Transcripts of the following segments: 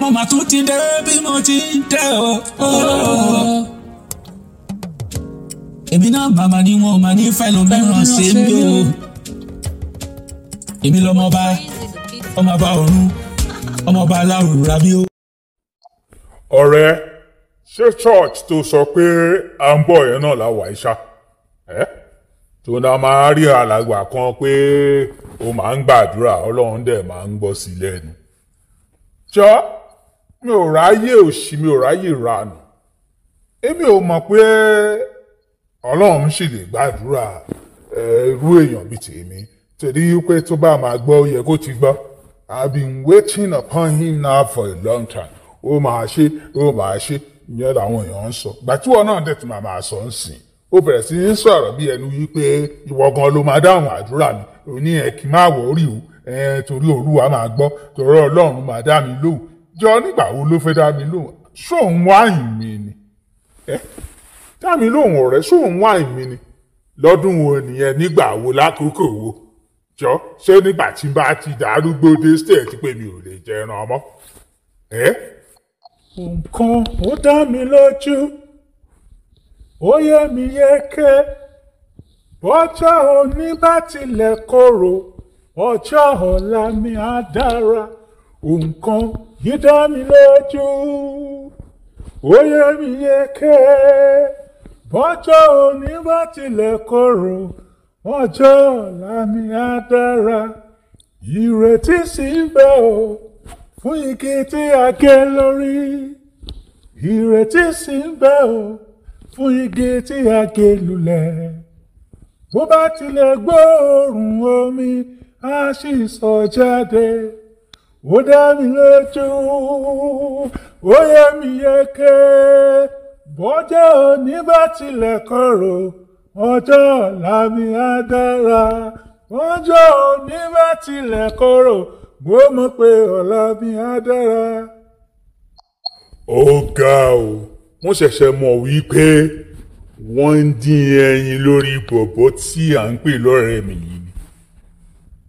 mo mà tún ti dé bí mo ti ń dé o. èmi náà màmá ni wọn ò máa ní fẹ́lú mìíràn sí mi o. èmi lọmọba ọmọba ọ̀run ọmọba aláwòrán rabi o. ọ̀rẹ́ ṣé church tó sọ pé à ń bọ̀ yẹn náà la wà iṣá. Eh? tó náà máa rí alàgbà kan pé o máa ń gbàdúrà ọlọ́run dẹ̀ máa ń gbọ́ sí lẹ́nu. ṣọ́ mi ò ráyè òṣì mi ò ráyè ranù èmi ò mọ̀ pé ọlọ́run sì lè gbàdúrà irú èèyàn bíi tèmi torí pé tó bá máa gbọ́ ó yẹ kó ti gbọ́ I've been waiting upon him now for a long time ó máa ṣe ó máa ṣe ìyẹn làwọn èèyàn ń sọ gbàtúwọ̀ náà dẹ̀ ti máa máa sọ ń sìn ó bẹ̀rẹ̀ sí í sọ̀rọ̀ bí ẹnu wípé ìwọ gan ló máa dáhùn àdúrà mi ò ní ẹ kí n má wò ó rí o torí olúwa máa gbọ́ torí ọlọ́run máa dá mi lóhùn jọ nígbà wo ló fẹ́ dá mi lóhùn ṣóun wáyìn mi ni dá mi lóhùn ọ̀rẹ́ ṣóun wáyìn mi ni lọ́dún wo nìyẹn nígbà wo lákòókò wo jọ ṣé nígbà tí n bá ti dàrúgbó dé pé mi ò lè jẹran ọmọ. nǹkan ó dá mi lójú ó yé mi yéké bọ́jọ́ òní bá tilẹ̀ korò ọjọ́ ọ̀la mi á dára nǹkan yìí dá mi lójú ó yé mi yéké òní bá tilẹ̀ korò ọjọ́ ọ̀la mi á dára ìrètí sì ń bẹ o fún igi tí a gé lórí ìrètí sì ń bẹ o fún igi tí a gé lulẹ̀ bó bá tilẹ̀ gbóòórùn omi á sì sọ jáde ó dá mi lójú ó yẹ mi yeke bọ́jà òní bá tilẹ̀ korò ọjọ́ ọ̀la mi á dára bọ́jà òní bá tilẹ̀ korò mo mọ̀ pé ọ̀la mi á dára. ó ga o mo ṣẹ̀ṣẹ̀ mọ̀ wípé wọ́n ń dín ẹyin lórí bọ̀bọ̀ tí à ń pè lọ́rẹ̀ẹ́ mi yìí ni.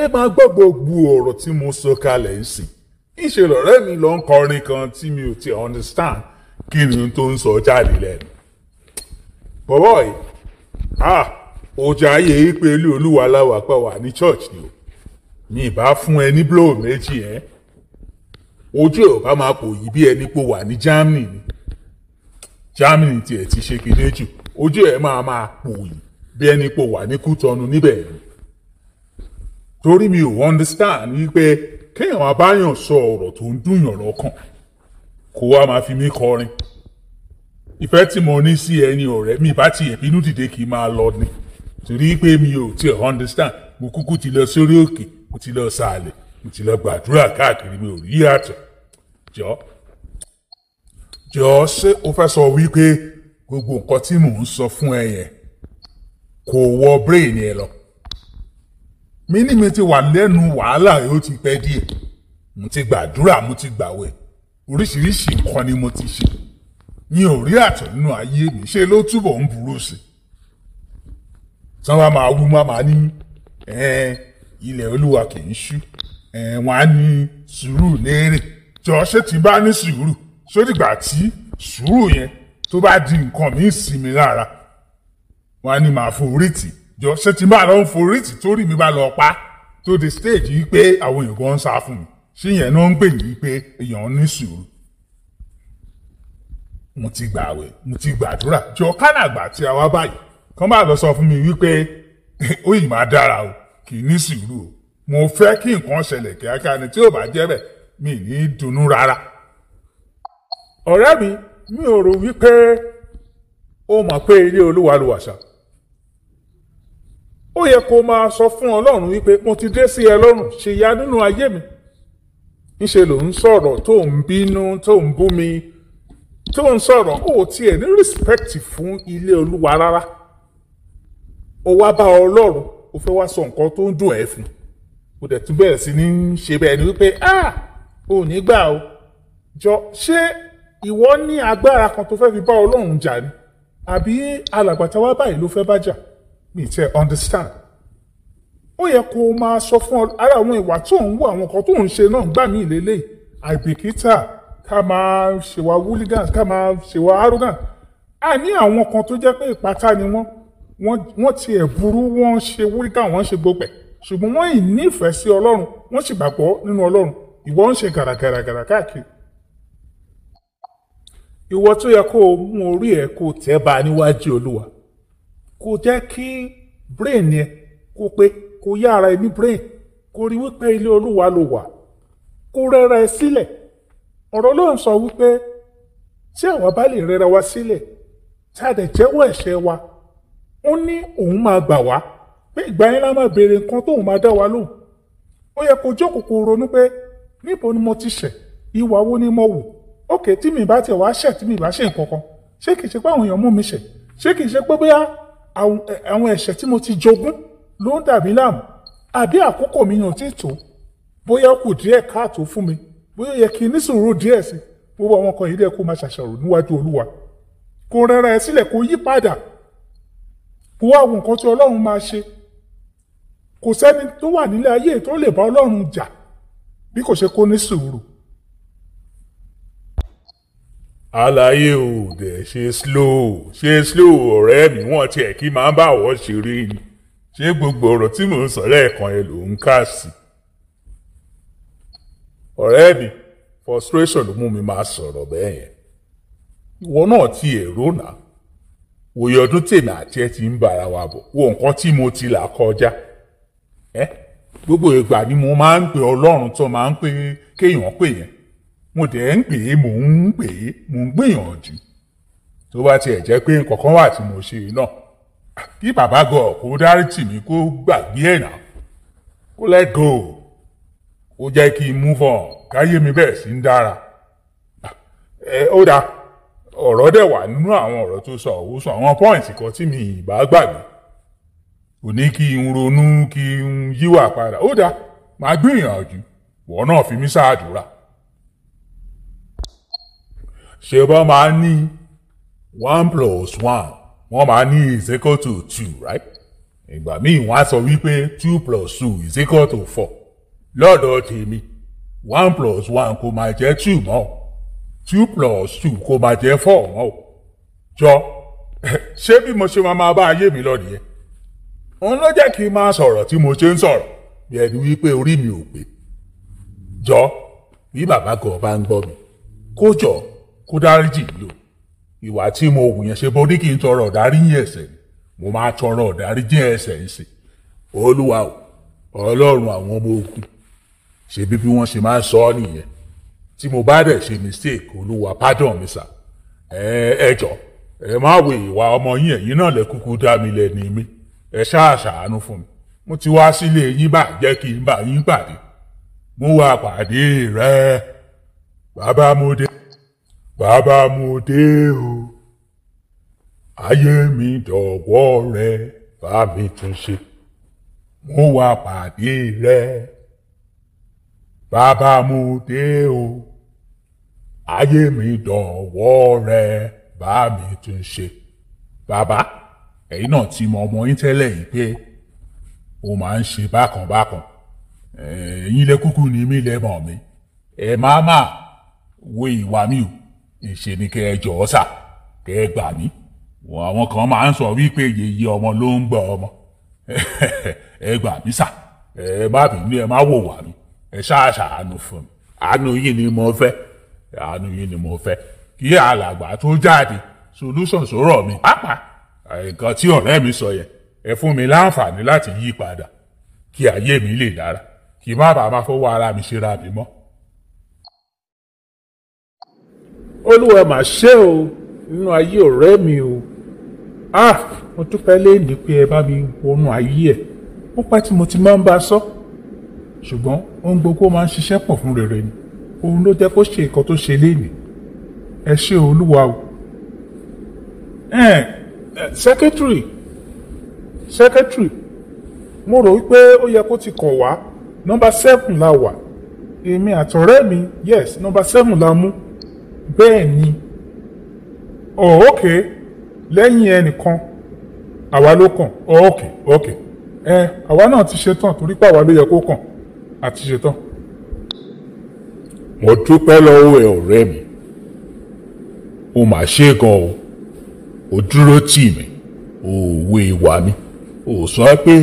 ẹ máa gbọ́ gbogbo ọ̀rọ̀ tí mo sọ kalẹ̀ ń sìn ìṣe lọ́rẹ́ mi ló ń kọrin kan tí mi ò ti understand kí ni tó ń sọ jáde lẹ́nu. bọ̀bọ̀ yìí ah ọjà ayé yìí pé ilé olúwa láwà pa wà ní church ni o mi ì bá fún ẹ ní blow méjì ẹ ojú ẹ ò bá máa pò yí bí ẹni pò wà ní Germany ni. Germany tiẹ̀ ti ṣe kéde jù ojú ẹ̀ máa máa pòyì bí ẹni pò wà ní Kútọ́nu níbẹ̀ torí mi ò understand wípé kéèyàn abáyàn sọ ọ̀rọ̀ tó ń dùnyàn lọ́kàn kó wá máa fi mí kọrin ìfẹ́ tí mo ní sí ẹni ọ̀rẹ́ mi bá tiẹ̀ bínú dìde kì í máa lọ ni torí pé mi ò tiẹ̀ understand mo kúkú ti lọ sórí òkè mo ti lọ sàlẹ̀ mo ti lọ gbàdúrà káàkiri mi ò rí àtọ̀ jọ́ jọ ṣé o fẹ́ sọ wípé gbogbo nǹkan tí mò ń sọ fún ẹ yẹn kò wọ brain ẹ lọ mi ní mi ti wà lẹ́nu wàhálà yóò ti pẹ́ díẹ̀ mo ti gbàdúrà mo ti gbàwẹ̀ oríṣiríṣi nǹkan ni mo ti ṣe mi ò rí àtọ̀ nínú ayé mi ṣe ló túbọ̀ ń burú sí i tí wọ́n máa wú máa ní ilẹ̀ olúwa kì í ṣú wọ́n á ní sùúrù léèrè jọ ṣé ti bá ní sùúrù sódìgbà tí sùúrù yẹn tó bá di nǹkan mi sí mi lára wọn á ní màá forí tì jọ ṣé tí n bá lọ ń forí tì torí mi bá lọ pa tó di stage yìí pé àwọn èèyàn kan ń sá fún mi ṣé yẹn náà ń pè yìí pé èèyàn ní sùúrù mo ti gbààwẹ̀ mo ti gbàdúrà jọ kánàgbà tí a wá báyìí kán bá lọ sọ fún mi wípé ó yìí máa dára o kì í ní sùúrù o mo fẹ́ kí nǹkan ṣẹlẹ̀ kíákíá ni tí ò bá jẹ́ bẹ́ẹ̀ mi ní dunnú rárá ọ̀rẹ́ mi mi ò rò wípé ó mọ̀ pé ilé olúwa ló wàṣà ó yẹ kó máa sọ fún ọlọ́run wípé mo ti dé sí ẹ lọ́rùn ṣe ya nínú ayé mi níṣẹ́ ló ń sọ̀rọ̀ tó ń bínú tó ń bú mi tó ń sọ̀rọ̀ ó tiẹ̀ ní respect fún ilé olúwa rárá ó wá bá ọlọ́run ó fẹ́ wá sọ nǹkan tó ń dùn ẹ́ fún ó dẹ̀ tún bẹ̀rẹ̀ sí ní ṣe bẹ́ẹ̀ ni wípé ah ò ní gbà o jọ ṣé ìwọ ní agbára kan tó fẹ́ fi bá ọlọ́run jà ni àbí alàgbàtà wa báyìí ló fẹ́ bá jà mi tẹ understand ó yẹ kó o máa sọ fún ara àwọn ìwà tó ń wú àwọn kan tó ń ṣe náà gbà mí lélẹ́yìí àìbìkítà ká máa ṣèwà wúlígàns ká máa ṣèwà arrogant a ní àwọn kan tó jẹ́ pé ìpátá ni wọ́n wọ́n tiẹ̀ burú wọ́n ṣe wúlígàn wọ́n ṣe gbogbo ẹ̀ ṣùgbọ́n wọ́n ì nífẹ̀ẹ́ sí ọlọ́run wọ́n sì gbàgbọ́ nínú ọlọ́run ìwọ ń ṣe gàràgàràgàrà káàkiri ìwọ tó yẹ kó o mú orí ẹ kó o tẹ́ bá a níwájú olúwa kó jẹ́ kí brain yẹn kó pé kó yá ara ẹ ní brain kó rí wípé ilé olúwa ló wà kó rẹ́ra ẹ sílẹ̀ ọ̀rọ̀ ló ń sọ wípé tí àwa bá lè rẹ́ra wa sílẹ̀ tá a dẹ̀ jẹ́wọ́ ẹ̀ṣẹ̀ wa ó ní òun máa gbà wá pé ìgbà yẹn la máa béèrè nǹkan tóun máa dá wa lóhùn ó yẹ kó jókòó kó ronú pé níbo ni mo ti ṣẹ̀ ìwà wo ni mo wù òkè tí mi bá tiẹ̀ wá ṣẹ̀ tí mi bá ṣe nǹkan kan ṣé kìí ṣe pé àwọn èèyàn mú mi ṣẹ̀ ṣé kìí ṣe pé bóyá àwọn ẹ̀ṣẹ̀ tí mo ti jogún ló ń dàbí láàmú àbí àkókò mi yàn tí tó bóyá kù díẹ̀ káàtó fún mi bóyá yẹ kí n ní sùúrù díẹ̀ sí gbogbo àwọn kan yìí dẹ́ kó máa ṣàṣàrò níwájú olúwa kó rẹ́ra ẹ sílẹ̀ kó yí padà kó wá àwọn nǹkan tí ọlọ́run máa ṣe kò sẹ́ni tó wà nílé ayé tó lè bá ọlọ́run jà bí kò ṣe kó ní sùúrù àlàyé ò dẹ̀ ṣe slow ṣe slow ọ̀rẹ́ mi wọ́n tiẹ̀ kí máa bá wọ́ ṣe rí ni ṣé gbogbo ọ̀rọ̀ tí mò ń sọ lẹ́ẹ̀kan ẹ ló ń kà sí. ọ̀rẹ́ mi frustration ló mú mi máa sọ̀rọ̀ bẹ́ẹ̀ yẹn ìwọ náà ti èrò náà òye ọdún tèmi àti ẹ ti ń bára wa bọ̀ wo nǹkan tí mo ti là kọjá gbogbo ìgbà ni mo máa ń pe ọlọ́run tó máa ń pe kéèyàn pè yẹn mo dẹ̀ ń pè é mò ń pè é mò ń gbìyànjú tó bá tiẹ̀ jẹ́ pé nǹkan wà tí mo ṣe náà kí bàbá gọ̀ kó dáríjì mi kó gbàgbé ẹ̀ kó let kó jẹ́ kí n move on káyé mi bẹ̀rẹ̀ sí ń dára ẹ ó dáa ọ̀rọ̀ dẹ̀ wà nínú àwọn ọ̀rọ̀ tó sọ ó àwọn pọ́ìntì kan tí mi ìbá gbàgbé kò ní kí n ronú kí n yíwà padà ó dáa màá gbìyànjú wọ́n náà fi mí sáàdúrà ṣe bọ́ máa ní one plus one wọ́n máa ní is equal to two right ìgbà míì wọ́n á sọ wípé two plus two is equal to four lọ́dọ̀ tèmi one plus one kò máa jẹ́ two mọ́ two plus two kò máa jẹ́ four mọ́ o jọ ṣé bí mo ṣe máa máa bá ayé mi lọ nìyẹn òun ló jẹ́ kí n máa sọ̀rọ̀ tí mo ṣe ń sọ̀rọ̀ bí ẹni wípé orí mi ò pé jọ bí bàbá kan bá ń gbọ́ mi kó jọ kó dáríjì yìí o ìwà tí mo wù yẹn ṣe bó ní kí n tọrọ ìdáríjì ẹ̀ṣẹ̀ ni mo máa tọrọ ìdáríjì ẹ̀ṣẹ̀ ń sìn olúwa o ọlọ́run àwọn ọmọ ogun ṣe bí bí ṣe máa sọ ọ́ nìyẹn tí mo bá dẹ̀ ṣe mistake olúwa pardon mi sà ẹ jọ ẹ má wo ìwà ọmọ yín ẹ̀yin náà lẹ kúkú dá mi lẹ́ni mi ẹ ṣáà ṣàánú fún mi mo ti wá sílé yín bá jẹ́ kí n bá yín pàdé mo wá pàdé rẹ bàbá mo dé bàbá mo dé o ayé mi dọ̀wọ́ rẹ bá mi tún ṣe mo wá pàdé rẹ bàbá mo dé o ayé mi dọ̀wọ́ rẹ bá mi tún ṣe bàbá ẹ̀yin náà ti mọ ọmọ yín tẹ́lẹ̀ yìí pé ó máa ń ṣe bákan ẹ̀yin lẹ ni mí lẹ mi ẹ̀ máa máa wo ìwà mi o ìṣe ni kẹ́ ẹ jọ̀ọ́ sà kẹ́ ẹ gbà mí àwọn kan máa ń sọ wípé yèyé ọmọ ló ń gbọ́ ọmọ ẹ gbà mí sà ẹ má bínú ẹ má wò wá mi ẹ ṣáà ṣàánú fún mi àánú yìí ni mo fẹ́ àánú yìí ni mo fẹ́ kí alàgbà tó jáde solution sọ̀rọ̀ mi pàápàá nǹkan tí ọ̀rẹ́ mi sọ yẹn ẹ fún mi láǹfààní láti yí padà kí ayé mi lè dára kí má bàa má fọwọ́ ara mi ṣe ra mi mọ́. olúwa mà ṣe o nínú ayé ọ̀rẹ́ mi o ah mo dúpẹ́ léèlì pé ẹ bá mi wọnú ayé ẹ̀ ó pẹ́ tí mo ti máa ń bá a sọ ṣùgbọ́n ohun gbogbo máa ń ṣiṣẹ́ pọ̀ fún rere ni òun ló jẹ́ kó ṣe nǹkan tó ṣe léèlì ẹ ṣe olúwa o secretary secretary mo rò wípé ó yẹ kó ti kàn wá nọ́mbà seven la wà èmi àtọ̀rẹ́ mi yes nọ́mbà seven la mú bẹ́ẹ̀ ni oh ok, lẹ́yìn ẹnìkan àwa ló kàn oh ok, okay ẹ àwa náà ti ṣetán torí pé àwa ló yẹ kó kàn àti ṣetán. mo dúpẹ́ lọ́wọ́ ẹ ọ̀rẹ́ mi o mà ṣe gan o o dúró tì mí o wé ìwà e mi o sọ pé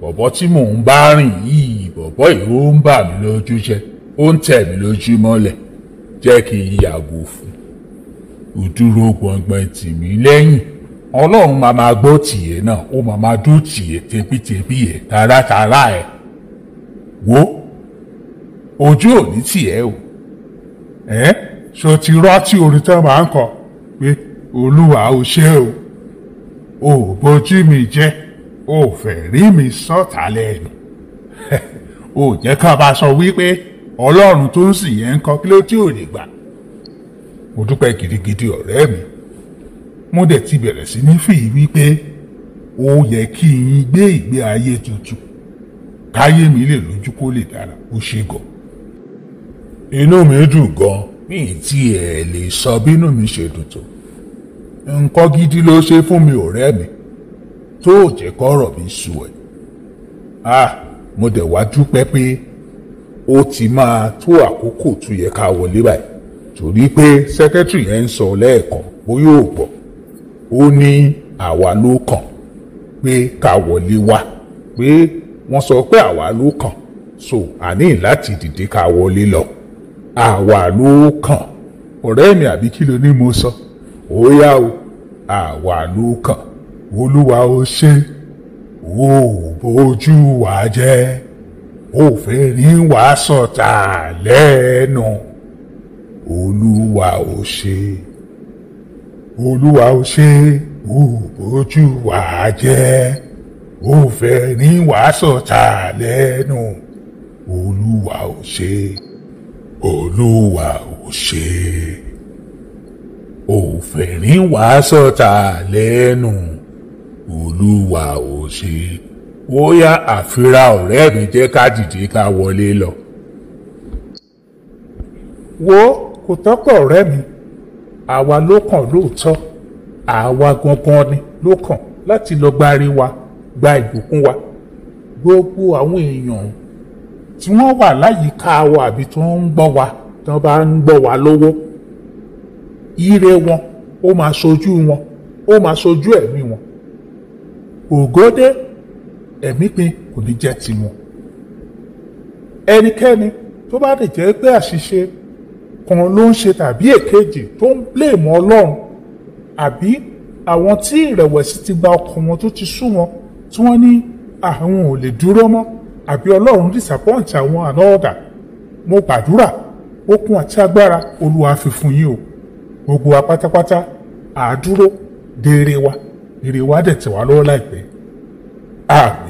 bọ̀bọ̀ tí mò ń bá rìn yìí bọ̀bọ̀ yìí ó ń bà mí lójú jẹ́ ó ń tẹ̀ mí lójú mọ́lẹ̀ jẹ́ kí n yàgò fún òdúró gbọ̀ngbọ̀n tì lẹ́yìn ọlọ́run máa máa gbọ́ tìyẹ náà ó máa máa dún tìyẹ tẹbítẹbí ẹ̀ tààràtààrà ẹ̀ wo ojú ò tìyẹ o ẹ ṣo ti rántí orin tán máa ń kọ pé olúwa ò ṣe o ò bójú mi jẹ́ ò fẹ́ rí mi sọ́ta lẹ́nu ò jẹ́ ká bá sọ wípé ọlọ́run tó ń sìn yẹn ń kọ́ kí ló tí ò lè gbà mo dúpẹ́ gidigidi ọ̀rẹ́ mi mo dẹ̀ ti bẹ̀rẹ̀ sí ní fìyí wípé ó yẹ kí n gbé ìgbé ayé tuntun káyé mi lè lójú kó lè dára ó ṣe gan. inú mi dùn gan mi tí ẹ lè sọ bínú mi ṣe dùn tó nǹkan gidi ló ṣe fún mi ọ̀rẹ́ mi tó jẹ́ kọ́rọ̀ mi sùn ẹ̀. ah mo dẹ̀ wá dúpẹ́ pé ó ti máa tó àkókò tó yẹ ká wọlé báyìí torí pé sẹ́kẹ́tìrì yẹn ń sọ lẹ́ẹ̀kan bóyá ò gbọ́ ó ní àwa ló kàn pé ká wọlé wá pé wọ́n sọ pé àwa ló kàn so àní láti dìde ká wọlé lọ àwa ló kàn ọ̀rẹ́ mi àbí kí ló ní mo sọ ó yá o àwa ló kàn olúwa ó ṣe ó bójú wa jẹ́ òfèrín wà sọ̀tà lẹ́ẹ̀nu olúwa ò ṣe olúwa ò ṣe ò bójú wà á jẹ́ òfèrín wà sọ̀tà lẹ́ẹ̀nu olúwa ò ṣe olúwa ò ṣe òfèrín wà sọ̀tà lẹ́ẹ̀nu olúwa ò ṣe ó yá àfira ọ̀rẹ́ mi jẹ́ ká dìde ká wọlé lọ. wo kò tọ́kọ̀ ọ̀rẹ́ mi àwa ló kàn lóòótọ́ àwa gangan ni ló kàn láti lọ gba ari wa gba ìbùkún wa gbogbo àwọn èèyàn tí wọ́n wà láyìíká wa àbí tí wọ́n ń gbọ́ wa tí wọ́n bá ń gbọ́ wa lọ́wọ́ ire wọn ó máa ṣojú wọn ó máa ṣojú ẹ̀mí wọn ògòdè ẹ̀mí pin kò ní jẹ́ tiwọn. ẹnikẹ́ni tó bá lè jẹ́ pé àṣìṣe kan ló ń ṣe tàbí èkejì tó ń bléèmù ọlọ́run àbí àwọn tí ìrẹ̀wẹ̀sì ti gba ọkàn wọn tó ti sú wọn tí wọ́n ní àwọn ò lè dúró mọ́ àbí ọlọ́run disappoint àwọn àná mo gbàdúrà okun àti agbára olúwa fi fún yín o gbogbo wa pátápátá àádúró de ire wa ire wa lọ́wọ́ láìpẹ́ àmín.